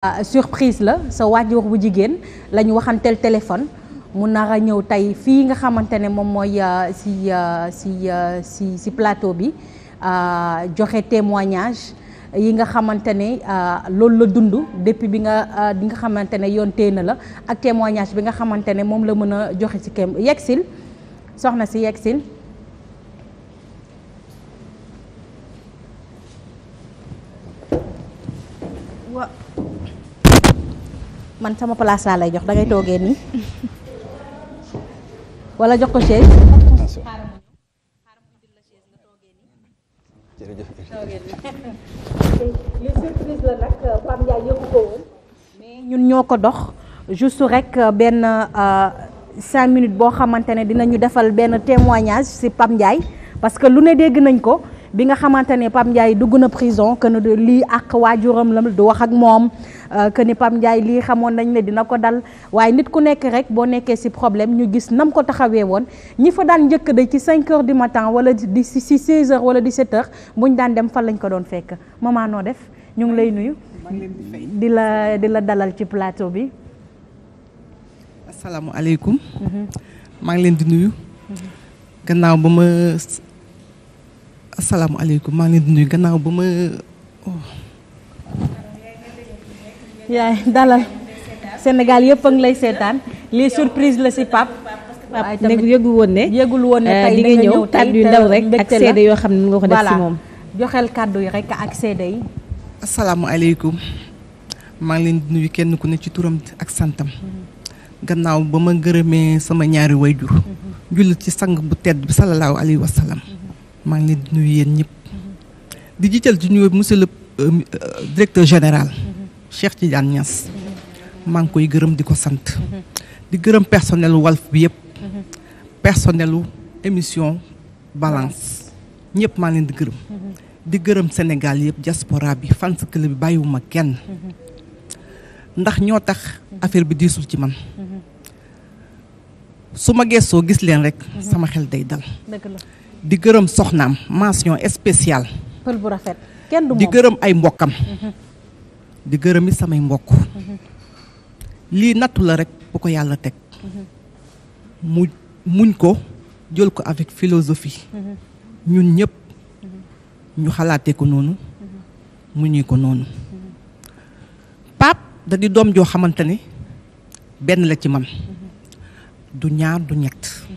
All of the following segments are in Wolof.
Ah, surprise la sa waajur bu jigéen la ñu waxanteel téléphone mu nar a ñëw tey fii nga xamante ne moom mooy ah, si ah, si si si plateau bi joxe témoignage yi nga xamante ne loolu la dund depuis bi nga bi nga xamante ne yoon téye na la ak témoignage bi nga xamante ne moom la mën a joxe ci kem yegsil soxna si yegsil man sama place laa lay jox dangay toogee nii wala jox ko chaise. jërëjëf ñun ñoo ko dox juste rek euh, benn euh, cinq minutes boo xamante ne dinañu defal benn témoignage ci pam Ndiaye parce que lu ne dégg nañ ko. bi nga xamante ne Pape Ndiaye dugg na prison que ne lii ak waajuram la du wax ak moom euh, que ni Pape Ndiaye lii xamoon nañ ne dina ko dal waaye nit ku nekk rek boo nekkee si problème ñu gis nam ko taxawee woon ñi fa daan njëkk de ci 5 heures du matin wala di ci 6 heures wala 17 heures ñu daan dem fan lañ ko doon fekk maman noo def ñu ngi lay nuyu. di la di la dalal ci plateau bi. asalaamualeykum. Mhm. maa ngi leen di nuyu. Mhm. gannaaw ba ma asalaamualeykum maa ngi leen di nuyu gannaaw ba ma. Oh. yaay dalal Sénégal yëpp a lay seetaan lii surprise la si Pape. waaye ne yëgul woon ne euh, tey di nga ñëw kàddu yu rek ak seede yoo xam ne nga ko def si moom. joxel kàddu yi rek ak seede yi. asalaamualeykum maa ngi leen di nuyu kenn ku ne ci turam ak santam. gannaaw ba ma gërëmee sama ñaari way wayjur mm-hmm. jullit ci sang bu tedd bi salallaahu alayhi wa maa ngi di nuyu yéen ñëpp di jiital ci nuyu monsieur euh, euh, directeur général Cheikh Tidiane Niass maa ngi koy gërëm di ko sant di gërëm personnel Walf bi yëpp personnelu émission balance ñëpp maa ngi di gërëm di gërëm Sénégal yëpp diaspora yi fans club bi bàyyiwuma kenn ndax ñoo tax affaire bi diisul ci man su ma geesoo gis leen rek sama xel day dal di gërëm soxnaam mention spéciale. kenn du moom di gërëm ay mbokkam. Mhm. di gërëm it samay mbokk. Mhm. lii nattu la rek bu ko yàlla teg. Mhm. mu muñ ko jël ko avec philosophie. ñun ñëpp ñu xalaatee ko noonu. muñee ko noonu. pap da di doom joo xamante ni benn la ci man. du ñaar du ñett.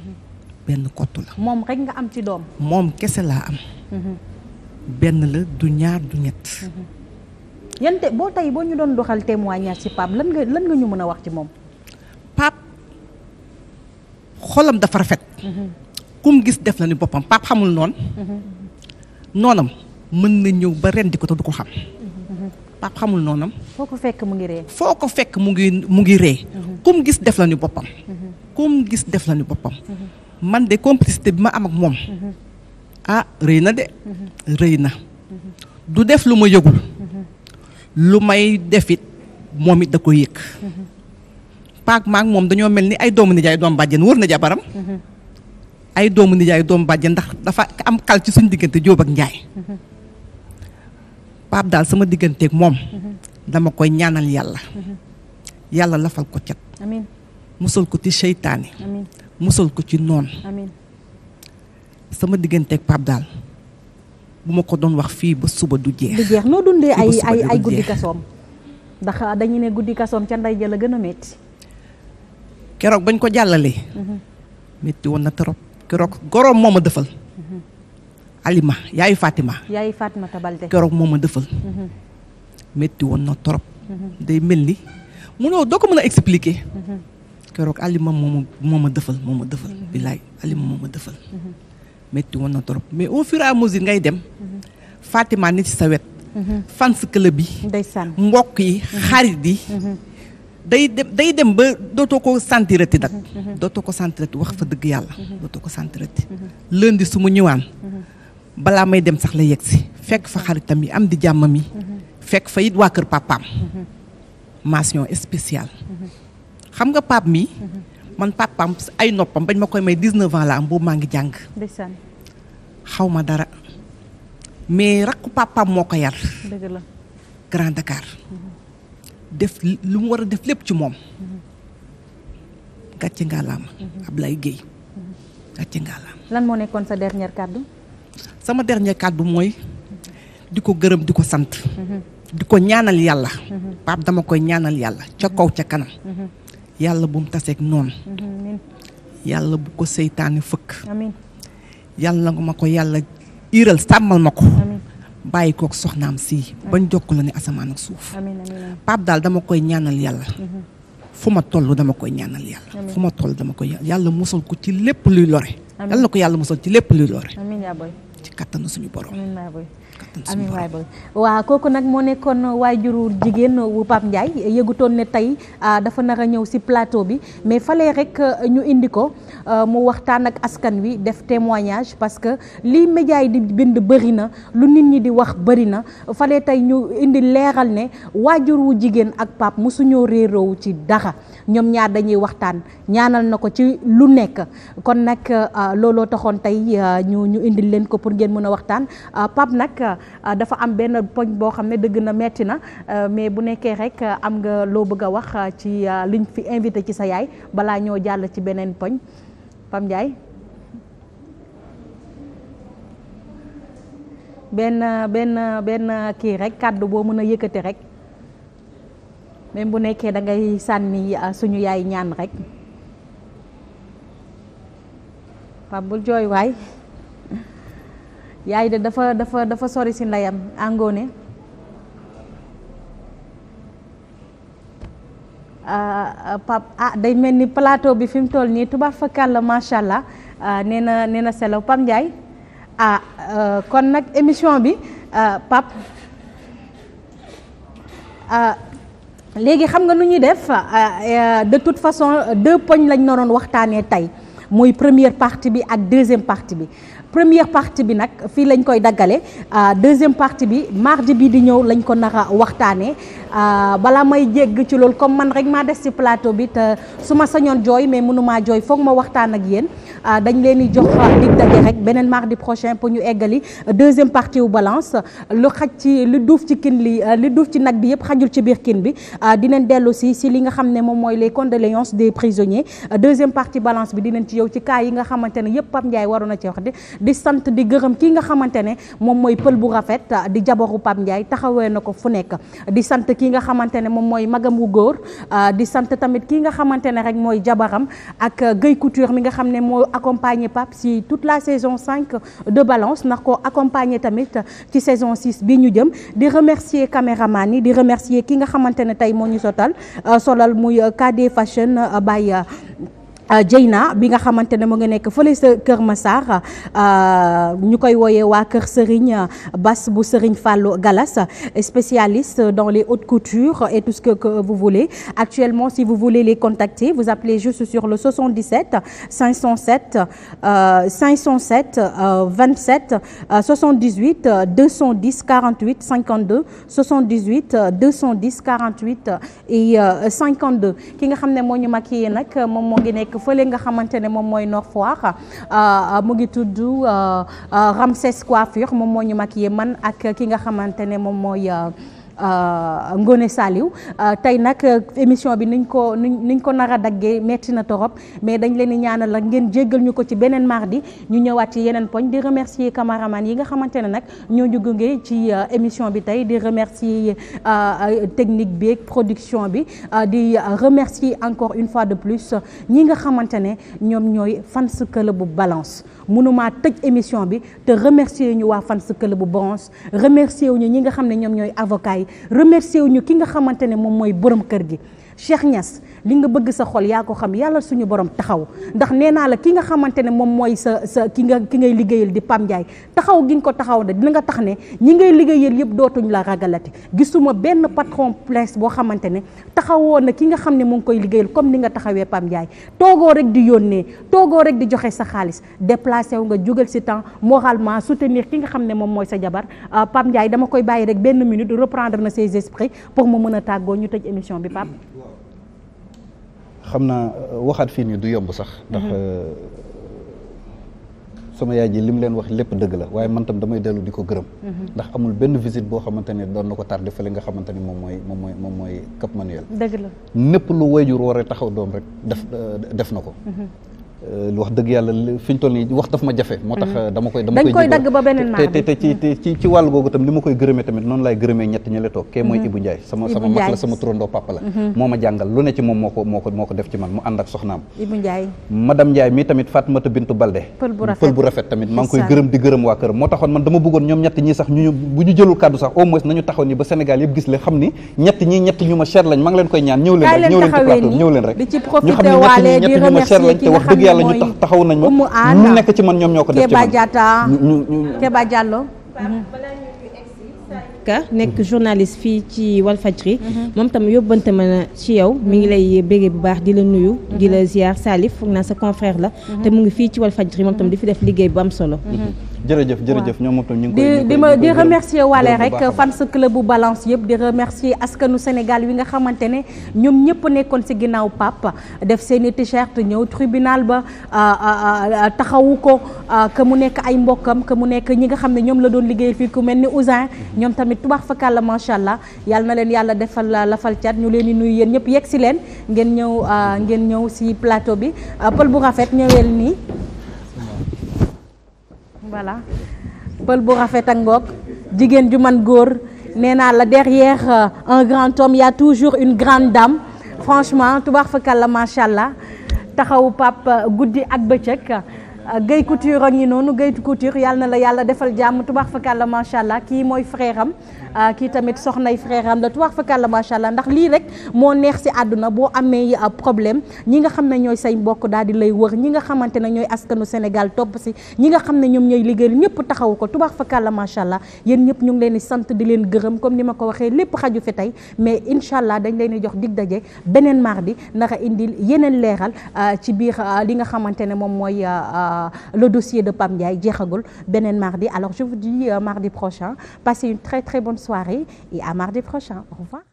benn kottu la. moom rek nga am ci doom. moom kese laa am. Mhm. benn la du ñaar du ñett. Mhm. yan te boo tey boo ñu doon doxal témoignage ci Pape lan nga lan nga ñu mën a wax ci moom. Pape xolam dafa rafet. Mhm. kum gis def la ni boppam Pape xamul noonu. noonam mën na ñëw ba ren di ko du ko xam. Pape xamul noonam. foo ko fekk mu ngi ree. ko fekk mu ngi mu ngi ree. kum gis def la ni boppam. kum gis def la ni boppam. man de complicité bi ma am ak moom mhm. ah rëy na de mhm. rëy na mhm. du def lu ma yëgul lu may defit moom it da koy yëg paak maak moom dañoo mel ni ay doomu nijaay doom bàjjen wër na jabaram ay nijaay doom bàjjen ndax dafa am kal ci suñ diggante jóob ak njaay paap daal sama digganteeg moom dama koy ñaanal yàlla yàlla lafal ko cat musal ko ci seytaane musal ko ci noon amiin sama digganteeg Pape daal bu ma ko doon wax fii ba suba du jeex. noo dundee ay ay ay guddi kasoom. ndax dañu ne guddi kasoom ca ndey a gën a metti keroog bañ ko jàllalee. métti mhm. woon na trop keroog goroom moo ma dëfal. Mhm. Alima yaayu Fatima. keroog moo ma dëfal. métti mhm. woon na trop. day mel ni munoo doo ko mën a expliquer. keroog alima moom moo ma dëfal moo ma dëfal mhm. billaay alima moo ma dëfal métti mhm. woon na trop mais au fur et à mesure ngay dem mhm. Fatima ni ci sa wet fans club bi ndeysaan mbokk yi ba dootoo ko sentirati nag dootoo ko sentirati wax fa dëgg yàlla dootoo ko sentirati ñëwaan balaa may dem sax la yegg si fekk fa xaritam yi am di jàmmam yi fekk fa it waa kër papaam mention spéciale xam nga pape mi man papam ay noppam bañ ma koy may 19 ans la am boobu maa ngi jàng. ndeysaan xaw ma dara mais rakku papam moo ko yar. la Grand Dakar. def lu mu war a def lépp ci moom. gàcce ngalaama. Ablaye Guèye gàcce ngalaama. lan moo nekkoon sa dernier kàddu. sama dernier kàddu mooy di ko gërëm di ko sant. di ko ñaanal yàlla. Mhm. Pape dama koy ñaanal yàlla ca kaw ca kanam. Mhm. yàlla bu mu taseeg noonu yàlla bu ko seytaane fëkk yàlla nga ma ko yàlla iral sàmmal ma ko bàyyi kook soxnaam si bañ jokk la ne asamaan suuf Pape daal dama koy ñaanal yàlla mhm. fu ma toll dama koy ñaanal yàlla fu ma toll dama koy yàlla musal ko ci lépp luy lore yàlla ko yàlla musal ci lépp luy lore ci kattanu suñu borom amiin waay waaw kooku nag moo nekkoon waajuru jigéen wu Pape Ndiaye yëgutoon ne tey ah, dafa nar a ñëw si plateau bi mais fallait rek euh, ñu indi ko euh, mu waxtaan ak askan wi def témoignage parce que lii média yi di bind bëri na lu nit ñi di wax bëri na fallait tey ñu indi leeral ne waajur wu jigéen ak mu mosuñoo réeroowu ci dara ñoom ñaar dañuy waxtaan ñaanal na ko ci lu nekk kon nag euh, looloo taxoon tey euh, ñu ñu indil leen ko pour ngeen mën a waxtaan euh, pap nag dafa am benn poñ boo xam ne dëgg na metti na mais bu nekkee rek am nga loo bëgg a wax ci liñ fi invité ci sa yaay balaa ñoo jàll ci beneen poñ Pam Ndiaye benn benn benn kii rek kàddu boo mën a yëkkate rek même bu nekkee dangay ngay sànni euh, suñu yaay ñaan rek Pape bul jooy waay yaay de dafa dafa dafa sori si ndeyam àngoone euh, euh, Pape ah day mel ni palaato bi fi mu toll nii tubaab fa kàlla macha allah nee na nee na selaw Pape Ndiaye ah kon nag émission bi Pape. léegi xam nga nu ñuy def euh, euh, de toute façon deux poñ lañ naroon waxtaanee tey mooy première partie bi ak deuxième partie bi première partie bi nag fii lañ koy daggale euh, deuxième partie bi mardi bi di ñëw lañ ko nar a waxtaanee euh, balaa may jégg ci loolu comme man rek maa des ci plateau bi te su ma sañoon jooy mais mënumaa jooy foog ma waxtaan ak yéen euh, dañ leen di jox dig daje rek beneen mardi prochain pour ñu eggali deuxième partie wu balance lu xaj ci li duuf ci kin li lu duuf ci nag bi yëpp xajul ci biir kin bi dinañ dellu si si li nga xam ne moom mooy les condoléances des prisonniers deuxième partie yow ci cas yi nga xamante ne yëpp Pape Ndiaye waroon na ci wax di di sant di gërëm kii nga xamante ne moom mooy pël bu rafet di jabaru Pape Ndiaye na ko fu nekk di sant kii nga xamante ne moom mooy magam wu góor di sant tamit kii nga xamante ne rek mooy jabaram ak Guèye Couture mi nga xam ne moo accompagné Pape si toute la saison cinq de Balance ndax ko accompagné tamit ci saison 6 bi ñu jëm di remercier caméraman yi di remercier ki nga xamante ne tey moo ñu sotal solal muy KD Fashion by Dieyna euh, bi nga xamante ne mu nga nekk fële sa Kër Massar euh, ñu koy wooyee waa Kër Serigne euh, Bass bu Serigne Fallou Galas spécialiste dans les hautes coutures et tout ce que vous voulez actuellement si vous voulez les contacter vous appelez juste sur le 77 507 507 27 78 210 48 52 78 210 48 et 52 ki nga xam ne moo ñu mag yi nag moom moo ngi nekk. nekk fële nga xamante ne moom mooy Nord Foire euh, mu ngi tudd euh, euh, Ramses Coiffure moom moo ñu mag yee man ak ki nga xamante ne moom mooy Euh, Ngone Saliou euh, tey nag euh, émission bi niñ ko niñ ko nar a daggee metti na torop mais dañ leen di ñaanal la ngeen jéggal ñu ko ci beneen mardi ñu ñëwaat ci yeneen poñ di remercier camaraman yi nga xamante ne nag ñoo ñu gunge ci émission bi tey di remercier technique bi ak production bi di remercier encore une fois de plus ñi nga xamante ne ñoom ñooy fans club bu Balance mënumaa tëj émission bi te remercier ñu waa fan fans club bu bronze remercier wu ñu ñi nga xam ne ñoom ñooy avocat yi remercier wu ñu ki nga xamante ne moom mooy borom kër gi Cheikh ñas li nga bëgg sa xol yaa ko xam yàlla suñu borom taxaw ndax nee naa la ki nga xamante ne moom mooy sa sa ki nga ki ngay liggéeyal di Pam Ndiaye taxaw gi nga ko taxaw ne dina nga tax ne ñi ngay liggéeyal yëpp dootuñ la ragalati gisuma benn patron place boo xamante ne taxawoo na ki nga xam ne mu ngi koy liggéeyal comme ni nga taxawee Pam Ndiaye toogoo rek di yónnee toogoo rek di joxe sa xaalis déplacé wu nga jugal si temps moralement soutenir ki nga xam ne moom mooy sa jabar euh, Pam Ndiaye dama koy bàyyi rek benn minute reprendre na ses esprits pour mu mën a tàggoo ñu tëj émission bi Pape xam naa euh, waxaat fii nii du yomb sax ndax mhm. euh, sama yaay ji li mu leen wax lépp dëgg la waaye man tam damay dellu di ko gërëm mhm. ndax amul benn visite boo xamante ne doon na ko tardé fële nga xamante ni moom mooy moom mooy moom mooy Cap Manuel dëgg la népp lu wayjur waree taxaw doom rek def euh, def na ko mhm. Euh, wax dëgg yàlla fi toll nii wax daf ma jafe. moo tax mhm. dama koy dama koy. dagg ba beneen maa te te ñett ñi ñett ñu ma cher lañ maa leen koy ñaan ñëw leen rek ñëw leen ci ñëw leen rek ñu xam ni ñett ñu ma cher lañ te wax dëgg yàlla tax taxaw nañ ma ñu nekk ci man ñoom ñoo ko def ci man ka nekk journaliste fii ci Walfadjri moom tam yóbbante ma ci yow mu ngi lay bégee bu baax di la nuyu di la ziar Salif foog naa sa confrère la te mu ngi fii ci Walfadjri moom tam di fi def liggéey bu am solo jërëjëf jërëjëf ñoom moom tam ñu ngi koy di ma di remercier wale rek fans club bu balance yëpp di remercier askanu Sénégal wi nga xamante ne ñoom ñëpp nekkoon si ginnaaw pap def seen i t-shirt ñëw tribunal ba taxawu ko que mu nekk ay mbokkam que mu nekk ñi nga xam ne ñoom la doon liggéey fii ku mel ni Ousin ñoom tamit tubax fakàlla macha allah yàlla na leen yàlla defal lafal cat ñu leen di nuyu yéen ñëpp yegg si leen ngeen ñëw ngeen ñëw si plateau bi pël bu rafet nii voilà pël bu rafet ak ngoog jigéen ju man góor nee naa la derrière euh, un grand homme il toujours une grande dame franchement tubaar fakal la macha allah taxawu pap euh, guddi ak bëccëg euh, géey Couture a ngi noonu Guèye Couture yàlla na la yàlla defal jàmm tubaar fakal la macha allah kii mooy frère Ah, kii tamit soxnay frère am la tuwaar fa la macha allah ndax lii rek moo neex si àdduna boo amee ah, problème ñi nga xam ne ñooy say mbokk daal di lay wër ñi nga xamante ne ñooy askanu Sénégal topp si ñi nga xam ne ñoom ñooy liggéeyal ñëpp taxawu ko tubaar fa la macha allah yéen ñëpp ñu ngi leen di sant di leen gërëm comme ni ma ko waxee lépp xaju fi tey mais incha allah dañ leen di jox dig daje beneen mardi naka indi yeneen leeral ah, ci biir li nga xamante ne moom mooy le dossier de Pam Ndiaye jeexagul beneen mardi alors je soirée et à mardi prochain. Au revoir.